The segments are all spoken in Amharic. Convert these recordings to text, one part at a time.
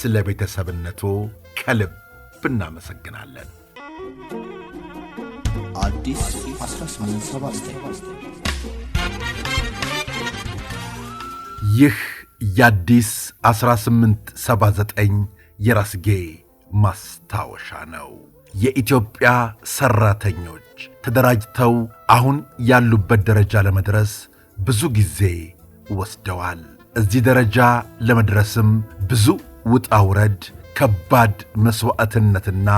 ስለ ቤተሰብነቱ ከልብ እናመሰግናለን። ይህ የአዲስ 1879 የራስጌ ማስታወሻ ነው። የኢትዮጵያ ሠራተኞች ተደራጅተው አሁን ያሉበት ደረጃ ለመድረስ ብዙ ጊዜ ወስደዋል። እዚህ ደረጃ ለመድረስም ብዙ ውጣ ውረድ፣ ከባድ መሥዋዕትነትና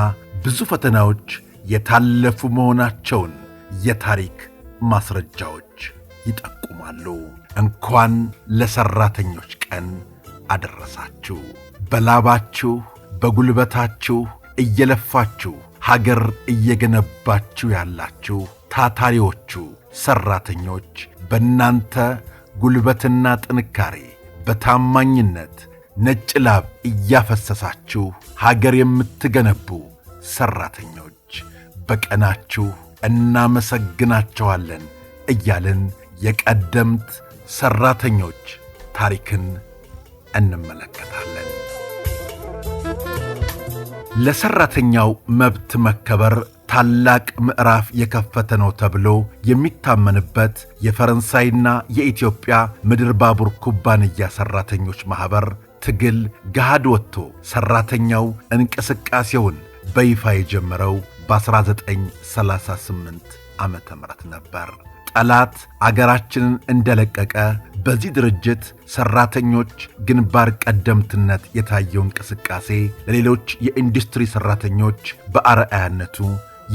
ብዙ ፈተናዎች የታለፉ መሆናቸውን የታሪክ ማስረጃዎች ይጠቁማሉ። እንኳን ለሠራተኞች ቀን አደረሳችሁ። በላባችሁ በጉልበታችሁ እየለፋችሁ ሀገር እየገነባችሁ ያላችሁ ታታሪዎቹ ሠራተኞች በእናንተ ጉልበትና ጥንካሬ በታማኝነት ነጭ ላብ እያፈሰሳችሁ ሀገር የምትገነቡ ሠራተኞች በቀናችሁ እናመሰግናቸዋለን እያልን የቀደምት ሠራተኞች ታሪክን እንመለከታለን። ለሠራተኛው መብት መከበር ታላቅ ምዕራፍ የከፈተ ነው ተብሎ የሚታመንበት የፈረንሳይና የኢትዮጵያ ምድር ባቡር ኩባንያ ሠራተኞች ማኅበር ትግል ገሃድ ወጥቶ ሠራተኛው እንቅስቃሴውን በይፋ የጀመረው በ1938 ዓ ም ነበር። ጠላት አገራችንን እንደለቀቀ በዚህ ድርጅት ሠራተኞች ግንባር ቀደምትነት የታየው እንቅስቃሴ ለሌሎች የኢንዱስትሪ ሠራተኞች በአርአያነቱ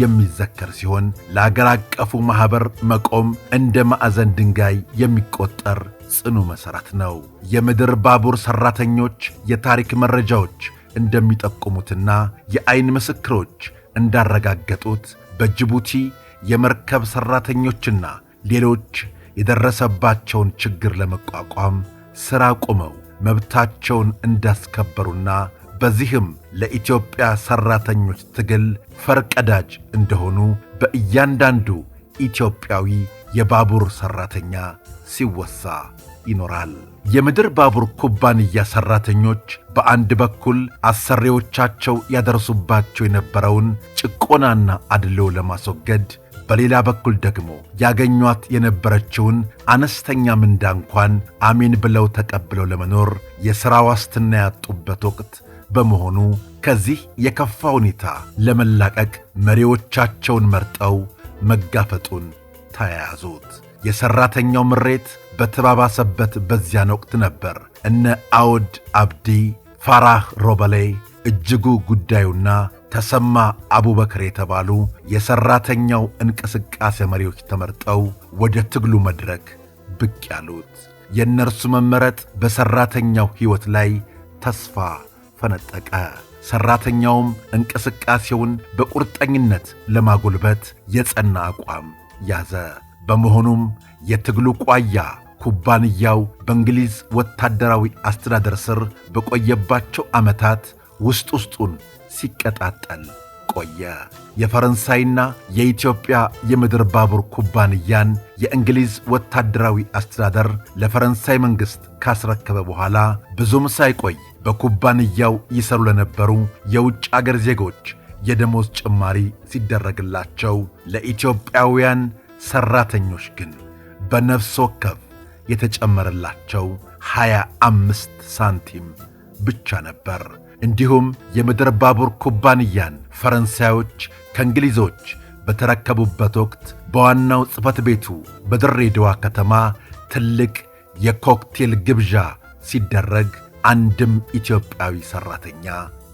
የሚዘከር ሲሆን ለአገር አቀፉ ማኅበር መቆም እንደ ማዕዘን ድንጋይ የሚቆጠር ጽኑ መሠረት ነው። የምድር ባቡር ሠራተኞች የታሪክ መረጃዎች እንደሚጠቁሙትና የዐይን ምስክሮች እንዳረጋገጡት በጅቡቲ የመርከብ ሠራተኞችና ሌሎች የደረሰባቸውን ችግር ለመቋቋም ሥራ ቆመው መብታቸውን እንዳስከበሩና በዚህም ለኢትዮጵያ ሠራተኞች ትግል ፈርቀዳጅ እንደሆኑ በእያንዳንዱ ኢትዮጵያዊ የባቡር ሠራተኛ ሲወሳ ይኖራል። የምድር ባቡር ኩባንያ ሠራተኞች በአንድ በኩል አሰሪዎቻቸው ያደርሱባቸው የነበረውን ጭቆናና አድሎ ለማስወገድ በሌላ በኩል ደግሞ ያገኟት የነበረችውን አነስተኛ ምንዳ እንኳን አሜን ብለው ተቀብለው ለመኖር የሥራ ዋስትና ያጡበት ወቅት በመሆኑ ከዚህ የከፋ ሁኔታ ለመላቀቅ መሪዎቻቸውን መርጠው መጋፈጡን ተያያዙት። የሠራተኛው ምሬት በተባባሰበት በዚያን ወቅት ነበር እነ አውድ አብዲ፣ ፋራህ ሮበሌ፣ እጅጉ ጉዳዩና ተሰማ አቡበክር የተባሉ የሠራተኛው እንቅስቃሴ መሪዎች ተመርጠው ወደ ትግሉ መድረክ ብቅ ያሉት። የእነርሱ መመረጥ በሠራተኛው ሕይወት ላይ ተስፋ ፈነጠቀ። ሠራተኛውም እንቅስቃሴውን በቁርጠኝነት ለማጎልበት የጸና አቋም ያዘ። በመሆኑም የትግሉ ቋያ ኩባንያው በእንግሊዝ ወታደራዊ አስተዳደር ስር በቆየባቸው ዓመታት ውስጥ ውስጡን ሲቀጣጠል ቆየ። የፈረንሳይና የኢትዮጵያ የምድር ባቡር ኩባንያን የእንግሊዝ ወታደራዊ አስተዳደር ለፈረንሳይ መንግሥት ካስረከበ በኋላ ብዙም ሳይቆይ በኩባንያው ይሰሩ ለነበሩ የውጭ አገር ዜጎች የደሞዝ ጭማሪ ሲደረግላቸው ለኢትዮጵያውያን ሠራተኞች ግን በነፍስ ወከፍ የተጨመረላቸው 25 ሳንቲም ብቻ ነበር። እንዲሁም የምድር ባቡር ኩባንያን ፈረንሳዮች ከእንግሊዞች በተረከቡበት ወቅት በዋናው ጽሕፈት ቤቱ በድሬዳዋ ከተማ ትልቅ የኮክቴል ግብዣ ሲደረግ አንድም ኢትዮጵያዊ ሠራተኛ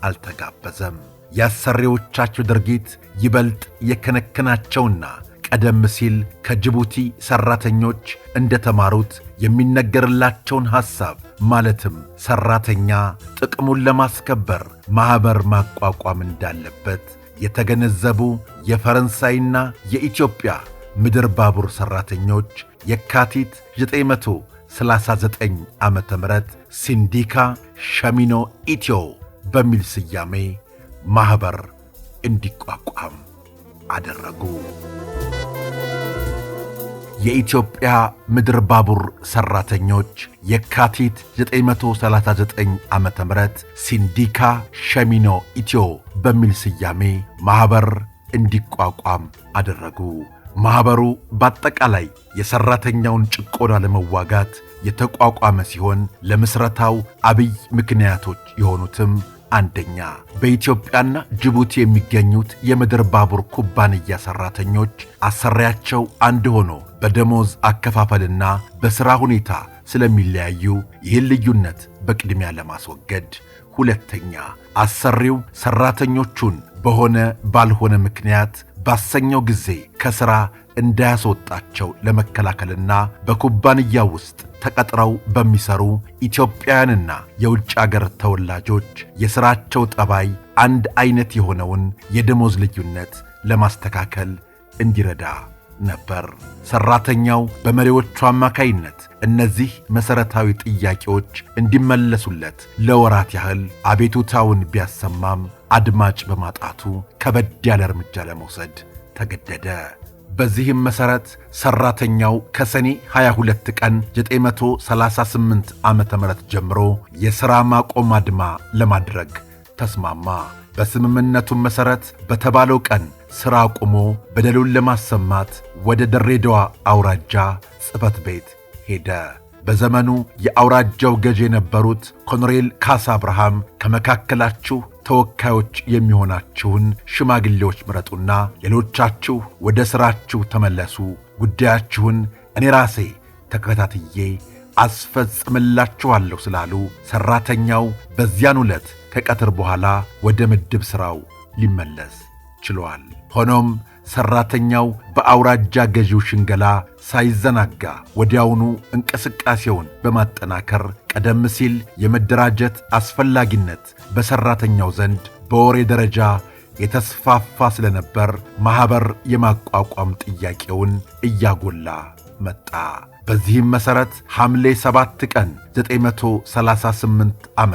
አልተጋበዘም። የአሰሪዎቻቸው ድርጊት ይበልጥ የከነከናቸውና ቀደም ሲል ከጅቡቲ ሠራተኞች እንደተማሩት የሚነገርላቸውን ሐሳብ ማለትም ሠራተኛ ጥቅሙን ለማስከበር ማኅበር ማቋቋም እንዳለበት የተገነዘቡ የፈረንሳይና የኢትዮጵያ ምድር ባቡር ሠራተኞች የካቲት 939 ዓ ም ሲንዲካ ሸሚኖ ኢትዮ በሚል ስያሜ ማኅበር እንዲቋቋም አደረጉ። የኢትዮጵያ ምድር ባቡር ሠራተኞች የካቲት 939 ዓ ም ሲንዲካ ሸሚኖ ኢትዮ በሚል ስያሜ ማኅበር እንዲቋቋም አደረጉ። ማኅበሩ በአጠቃላይ የሠራተኛውን ጭቆና ለመዋጋት የተቋቋመ ሲሆን ለምሥረታው አብይ ምክንያቶች የሆኑትም አንደኛ በኢትዮጵያና ጅቡቲ የሚገኙት የምድር ባቡር ኩባንያ ሠራተኞች አሰሪያቸው አንድ ሆኖ በደሞዝ አከፋፈልና በሥራ ሁኔታ ስለሚለያዩ ይህን ልዩነት በቅድሚያ ለማስወገድ፣ ሁለተኛ አሰሪው ሠራተኞቹን በሆነ ባልሆነ ምክንያት ባሰኘው ጊዜ ከሥራ እንዳያስወጣቸው ለመከላከልና በኩባንያ ውስጥ ተቀጥረው በሚሰሩ ኢትዮጵያውያንና የውጭ አገር ተወላጆች የሥራቸው ጠባይ አንድ ዐይነት የሆነውን የደሞዝ ልዩነት ለማስተካከል እንዲረዳ ነበር። ሰራተኛው በመሪዎቹ አማካይነት እነዚህ መሠረታዊ ጥያቄዎች እንዲመለሱለት ለወራት ያህል አቤቱታውን ቢያሰማም አድማጭ በማጣቱ ከበድ ያለ እርምጃ ለመውሰድ ተገደደ። በዚህም መሠረት ሠራተኛው ከሰኔ 22 ቀን 938 ዓ ም ጀምሮ የሥራ ማቆም አድማ ለማድረግ ተስማማ። በስምምነቱም መሠረት በተባለው ቀን ሥራ ቁሞ በደሉን ለማሰማት ወደ ድሬዳዋ አውራጃ ጽሕፈት ቤት ሄደ። በዘመኑ የአውራጃው ገዥ የነበሩት ኮሎኔል ካሳ አብርሃም ከመካከላችሁ ተወካዮች የሚሆናችሁን ሽማግሌዎች ምረጡና ሌሎቻችሁ ወደ ሥራችሁ ተመለሱ፣ ጉዳያችሁን እኔ ራሴ ተከታትዬ አስፈጽምላችኋለሁ ስላሉ ሠራተኛው በዚያን ዕለት ከቀትር በኋላ ወደ ምድብ ሥራው ሊመለስ ችሏል። ሆኖም ሠራተኛው በአውራጃ ገዢው ሽንገላ ሳይዘናጋ ወዲያውኑ እንቅስቃሴውን በማጠናከር ቀደም ሲል የመደራጀት አስፈላጊነት በሠራተኛው ዘንድ በወሬ ደረጃ የተስፋፋ ስለነበር ማኅበር የማቋቋም ጥያቄውን እያጎላ መጣ። በዚህም መሠረት ሐምሌ 7 ቀን 938 ዓ ም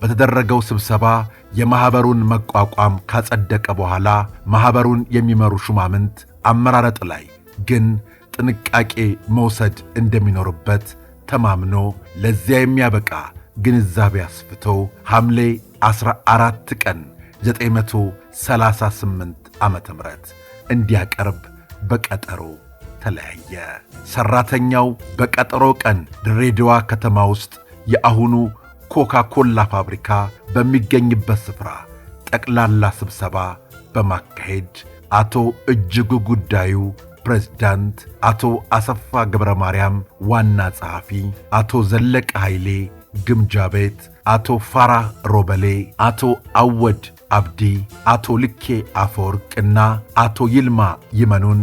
በተደረገው ስብሰባ የማኅበሩን መቋቋም ካጸደቀ በኋላ ማኅበሩን የሚመሩ ሹማምንት አመራረጥ ላይ ግን ጥንቃቄ መውሰድ እንደሚኖርበት ተማምኖ ለዚያ የሚያበቃ ግንዛቤ አስፍቶ ሐምሌ 14 ቀን 938 ዓ ም እንዲያቀርብ በቀጠሮ ተለያየ። ሠራተኛው በቀጠሮ ቀን ድሬዳዋ ከተማ ውስጥ የአሁኑ ኮካ ኮላ ፋብሪካ በሚገኝበት ስፍራ ጠቅላላ ስብሰባ በማካሄድ አቶ እጅጉ ጉዳዩ ፕሬዝዳንት፣ አቶ አሰፋ ገብረ ማርያም ዋና ጸሐፊ፣ አቶ ዘለቀ ኃይሌ ግምጃ ቤት፣ አቶ ፋራ ሮበሌ፣ አቶ አወድ አብዲ፣ አቶ ልኬ አፈወርቅና አቶ ይልማ ይመኑን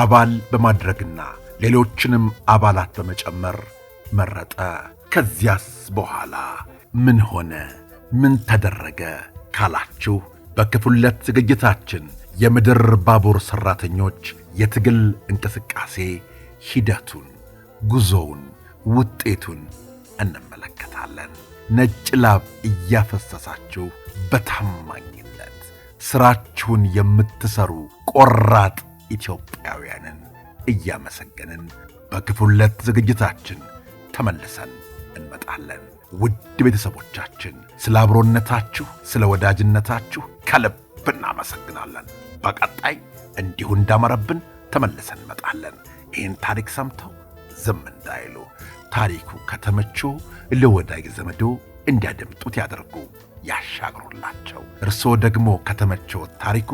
አባል በማድረግና ሌሎችንም አባላት በመጨመር መረጠ። ከዚያስ በኋላ ምን ሆነ? ምን ተደረገ ካላችሁ በክፍለት ዝግጅታችን የምድር ባቡር ሠራተኞች የትግል እንቅስቃሴ ሂደቱን፣ ጉዞውን፣ ውጤቱን እንመለከታለን። ነጭ ላብ እያፈሰሳችሁ በታማኝነት ሥራችሁን የምትሠሩ ቆራጥ ኢትዮጵያውያንን እያመሰገንን በክፍል ዝግጅታችን ተመልሰን እንመጣለን። ውድ ቤተሰቦቻችን ስለ አብሮነታችሁ፣ ስለ ወዳጅነታችሁ ከልብ እናመሰግናለን። በቀጣይ እንዲሁ እንዳመረብን ተመልሰን እንመጣለን። ይህን ታሪክ ሰምተው ዝም እንዳይሉ፣ ታሪኩ ከተመቾ ለወዳጅ ዘመዶ እንዲያደምጡት ያደርጉ፣ ያሻግሩላቸው። እርስዎ ደግሞ ከተመቾት ታሪኩ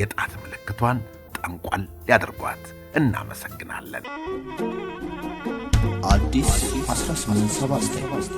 የጣት ምልክቷን ቋንቋን ሊያደርጓት እናመሰግናለን። አዲስ 1879